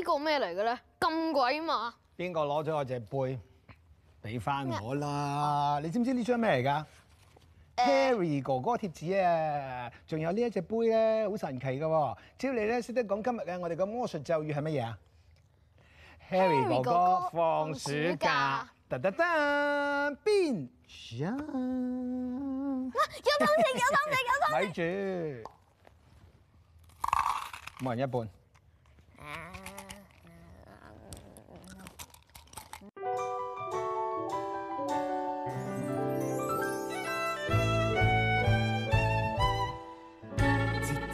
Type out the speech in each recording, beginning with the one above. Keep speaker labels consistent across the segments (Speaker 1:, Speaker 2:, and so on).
Speaker 1: 呢個咩嚟嘅咧？咁鬼嘛？邊個攞咗我隻杯？俾翻我啦！咩？你知唔知呢張咩嚟噶？Harry 哥哥貼紙啊！仲有呢一隻杯咧，好神奇嘅啊。只要你咧識得講今日嘅我哋嘅魔術咒語係乜嘢啊？Harry, Harry 哥哥放暑假。噔噔噔，變相。
Speaker 2: 要公平！要公平！要公
Speaker 1: 平！咪住，每人一半。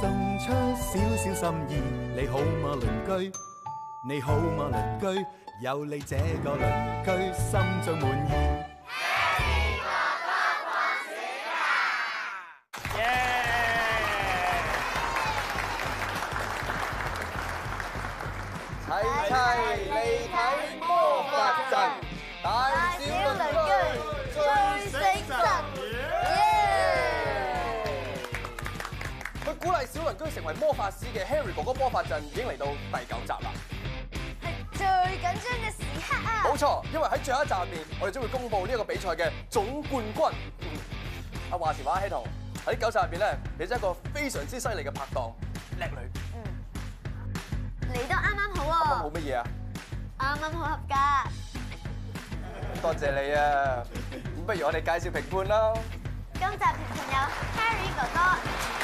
Speaker 3: 送出少少心意，你好嗎鄰居？你好嗎鄰居？有你這個鄰居，心中滿意。
Speaker 4: 係魔法師嘅 Harry 哥哥魔法陣已經嚟到第九集啦！係
Speaker 2: 最緊張嘅時刻啊！冇
Speaker 4: 錯，因為喺最後一集入面，我哋將會公布呢個比賽嘅總冠軍。嗯。阿華時華希彤喺九集入邊咧，你真係一個非常之犀利嘅拍檔，叻女
Speaker 1: 剛剛，啊剛剛。嗯，嚟得啱啱好喎。冇乜嘢啊？啱啱好合格。
Speaker 4: 多謝你啊！咁不如我哋介紹評判啦。今
Speaker 2: 集嘅評判有 Harry 哥哥。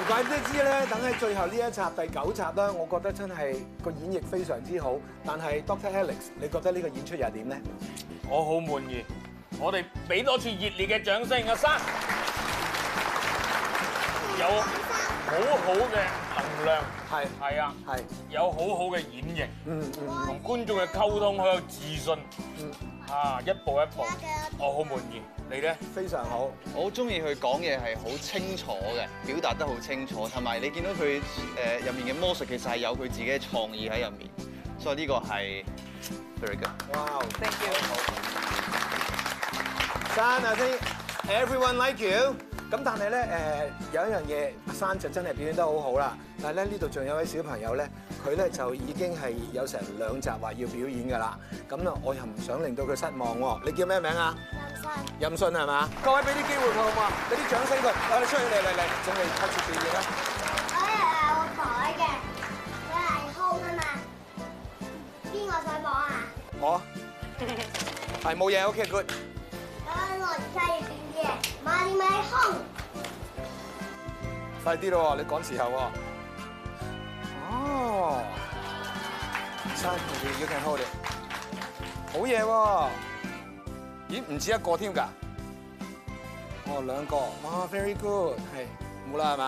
Speaker 1: 唔怪得知咧，等喺最後呢一集第九集啦，我覺得真係個演繹非常之好。但係 Doctor Alex，你覺得呢個演出又係點咧？
Speaker 4: 我好滿意，我哋俾多次熱烈嘅掌聲，阿生有。好好嘅
Speaker 1: 能量，係係啊，係有好好嘅演繹，嗯嗯，同觀眾嘅溝通
Speaker 4: 好有自信，嗯啊，一步一步，好，我好滿意，你咧？非常好，好，我好中意佢講嘢係好清楚嘅，表達得好清楚，同埋你見到佢誒入面嘅魔術其實係有佢自己嘅創意喺入面，所以呢個係 very good。
Speaker 1: 好哇，thank you。謝謝好好三 thank you everyone like you。咁但係咧，誒有一樣嘢，山就真係表演得好好啦。但係咧，呢度仲有位小朋友咧，佢咧就已經係有成兩集話要表演㗎啦。咁咧，我又唔想令到佢失望喎。你叫咩名啊？任信。任信係嘛？各位俾啲機會佢好唔好？俾啲掌聲佢。我哋出去嚟嚟嚟，準備開始表演啦。我係袋嘅，佢係空啊嘛。邊個
Speaker 4: 上
Speaker 2: 網
Speaker 1: 啊？我係冇嘢。OK，good。我落
Speaker 2: 車。
Speaker 1: 快啲咯，你趕時候喎，啊哦啊。哦，真係要聽好啲，好嘢喎。咦，唔止一個添㗎？哦，兩個。哇，very good，係冇啦係嘛？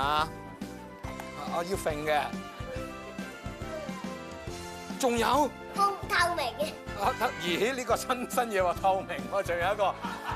Speaker 1: 啊，要揈嘅。仲有。
Speaker 2: 光
Speaker 1: 透明嘅，啊。咦？呢，這個新新嘢喎，透明。我仲有一個。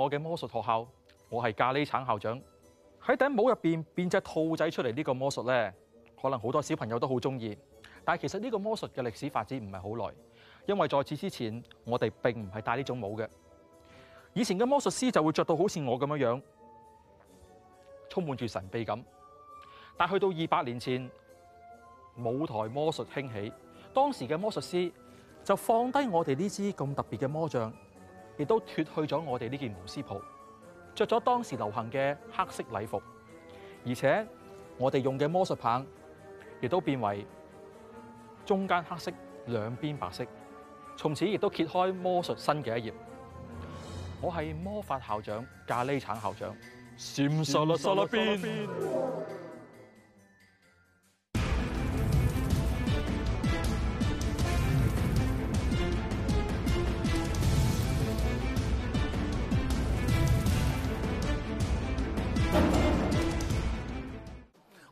Speaker 4: 我嘅魔術學校，我係咖喱橙校長。喺頂帽入邊變隻兔仔出嚟呢個魔術呢，可能好多小朋友都好中意。但係其實呢個魔術嘅歷史發展唔係好耐，因為在此之前我哋並唔係戴呢種帽嘅。以前嘅魔術師就會着到好似我咁樣樣，充滿住神秘感。但去到二百年前，舞台魔術興起，當時嘅魔術師就放低我哋呢支咁特別嘅魔杖。亦都脫去咗我哋呢件巫師袍，着咗當時流行嘅黑色禮服，而且我哋用嘅魔術棒亦都變為中間黑色，兩邊白色，從此亦都揭開魔術新嘅一頁。我係魔法校長咖喱橙校長。閃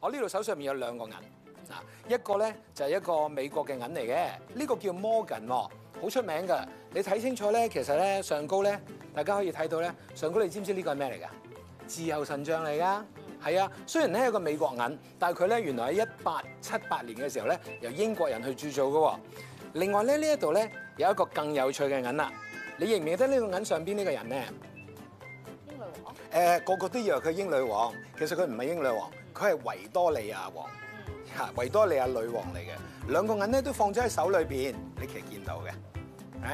Speaker 3: 我
Speaker 1: 呢度手上面有兩個銀啊，一個咧就係、是、一個美國嘅銀嚟嘅，呢個叫 Morgan，好出名㗎。你睇清楚咧，其實咧上高咧，大家可以睇到咧上高，你知唔知呢個係咩嚟㗎？自由神像嚟噶，係、嗯、啊。雖然咧有一個美國銀，但係佢咧原來喺一八七八年嘅時候咧，由英國人去鑄造㗎。另外咧呢一度咧有一個更有趣嘅銀啦，你認唔認得呢個銀上邊呢個人咧？英女王。誒、呃，個個都以為佢係英女王，其實佢唔係英女王。佢係維多利亞王，嚇維多利亞女王嚟嘅兩個銀咧都放咗喺手裏邊，你其實見到嘅。誒，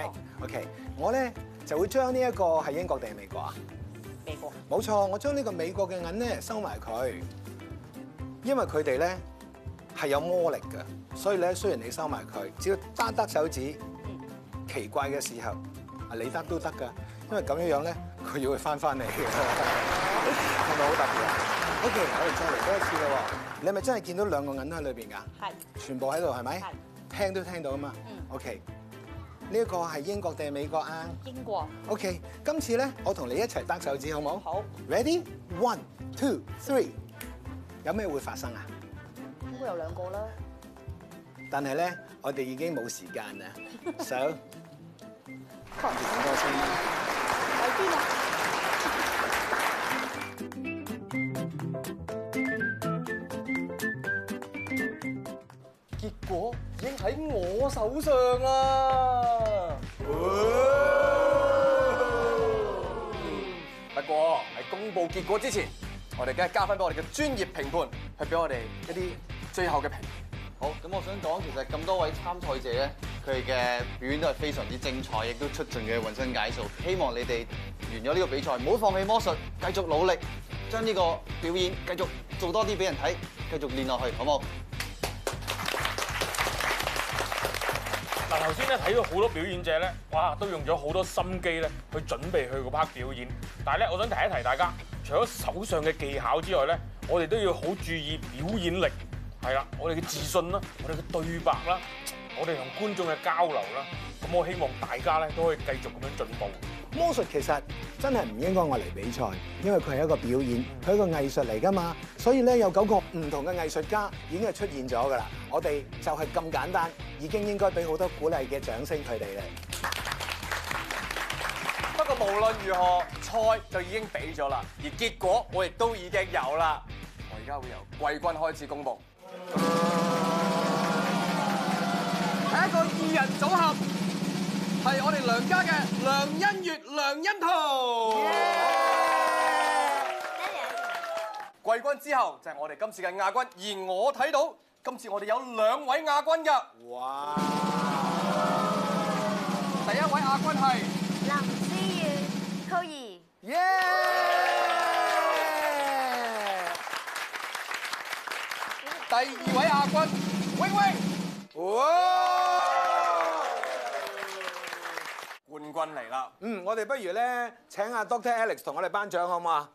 Speaker 1: 哦，OK，我咧就會將呢一個係英國定係美國啊？
Speaker 4: 美國。
Speaker 1: 冇錯，我將呢個美國嘅銀咧收埋佢，因為佢哋咧係有魔力嘅，所以咧雖然你收埋佢，只要單得手指，奇怪嘅時候你得都得嘅，因為咁樣樣咧佢要會翻翻嚟嘅，係咪好特別啊？O.K. 我哋再嚟多一次咯喎，你係咪真係見到兩個銀喺裏邊㗎？係，全部喺度係咪？係，聽都聽到㗎嘛。嗯。O.K. 呢一個係英國定係美國啊？英國。O.K. 今次咧，我同你一齊搭手指好冇？好。Ready？One, two, three。有咩會發生啊？
Speaker 4: 應該有兩個啦。
Speaker 1: 但係咧，我哋已經冇時間啦。So，
Speaker 4: 快啲啦！喺我手上啦！不過喺公布結果之前，我哋梗係加分俾我哋嘅專業評判，去俾我哋一啲最後嘅評。好，咁我想講，其實咁多位參賽者咧，佢哋嘅表演都係非常之精彩，亦都出盡嘅渾身解數。希望你哋完咗呢個比賽，唔好放棄魔術，繼續努力，將呢個表演繼續做多啲俾人睇，繼續練落去，好唔好？先咧睇到好多表演者咧，哇，都用咗好多心機咧去準備去嗰 part 表演。但係咧，我想提一提大家，除咗手上嘅技巧之外咧，我哋都要好注意表演力，係啦，我哋嘅自信啦，我哋嘅對白啦，我哋同觀眾嘅交流啦。咁我希望大家咧都可以繼續咁樣進步。
Speaker 1: 魔術其實真係唔應該我嚟比賽，因為佢係一個表演，佢係一個藝術嚟㗎嘛。所以咧，有九個唔同嘅藝術家已經係出現咗㗎啦。我哋就係咁簡單，已經應該俾好多鼓勵嘅掌聲佢哋啦。
Speaker 4: 不過無論如何，賽就已經比咗啦，而結果我亦都已經有啦。我而家會由季軍開始公布，
Speaker 2: 係一個二人組
Speaker 4: 合。係我哋梁家嘅梁欣月、梁欣桃。季軍之後就係我哋今次嘅亞軍，而我睇到今次我哋有兩位亞軍嘅。哇！第一位亞軍係林思月，寇兒。耶！第二位亞軍威威。哇！軍
Speaker 1: 嚟啦！嗯，我哋不如咧，請阿 Doctor Alex 同我哋頒獎好嘛？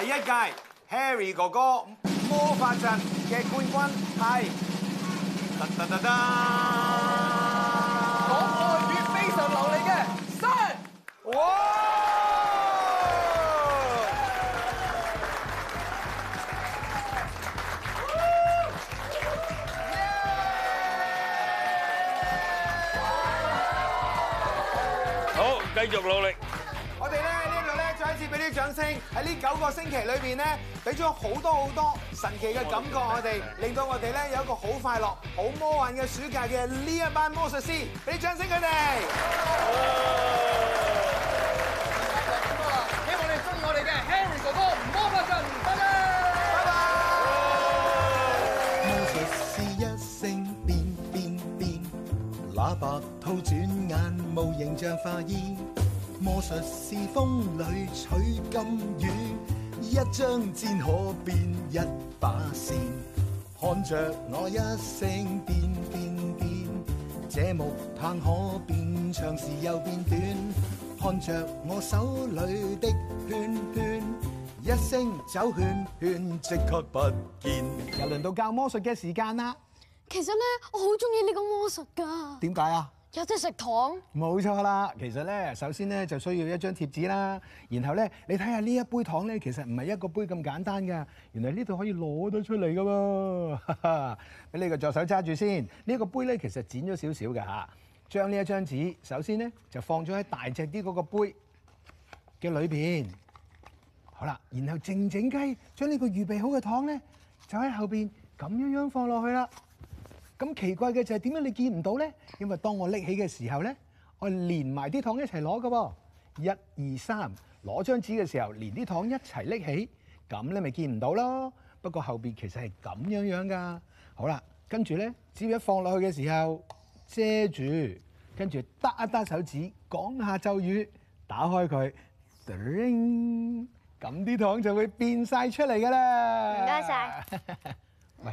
Speaker 1: 第一屆 Harry 哥哥魔法陣嘅冠
Speaker 3: 軍係。
Speaker 4: 繼續努力
Speaker 1: 我哋，我哋咧呢度咧再一次俾啲掌聲，喺呢九個星期裏邊咧，俾咗好多好多神奇嘅感覺我，我哋令到我哋咧有一個好快樂、好魔幻嘅暑假嘅呢一班魔術師，俾啲掌聲佢哋。
Speaker 4: 希望你中意我哋嘅 Harry 哥哥 Magician 拜拜，
Speaker 3: 拜。拜拜 魔術師一聲變變變，喇叭套轉。無形象化煙，魔術是風裏取金魚，一張箭，可變一把扇，看着我一聲變變變，這木棒可變長時又變短，看着我手裏的圈圈，
Speaker 1: 一聲走圈圈即刻不見。又輪到教魔術嘅時間啦。
Speaker 4: 其實咧，我好中意呢個魔術噶。點解啊？有啲食糖，
Speaker 1: 冇錯啦。其實咧，首先咧就需要一張貼紙啦。然後咧，你睇下呢一杯糖咧，其實唔係一個杯咁簡單嘅。原來呢度可以攞得出嚟噶喎。哈哈，俾你個助手揸住先。呢、這、一個杯咧，其實剪咗少少嘅嚇。將呢一張紙，首先咧就放咗喺大隻啲嗰個杯嘅裏邊。好啦，然後靜靜雞將呢個預備好嘅糖咧，就喺後邊咁樣樣放落去啦。咁奇怪嘅就係點解你見唔到呢？因為當我拎起嘅時候呢，我連埋啲糖一齊攞嘅噃，一二三，攞張紙嘅時候連啲糖一齊拎起，咁你咪見唔到咯。不過後邊其實係咁樣樣噶。好啦，跟住呢，紙要一放落去嘅時候遮住，跟住嗒一嗒手指講下咒語，打開佢，叮，咁啲糖就會變曬出嚟㗎啦。唔該曬。喂。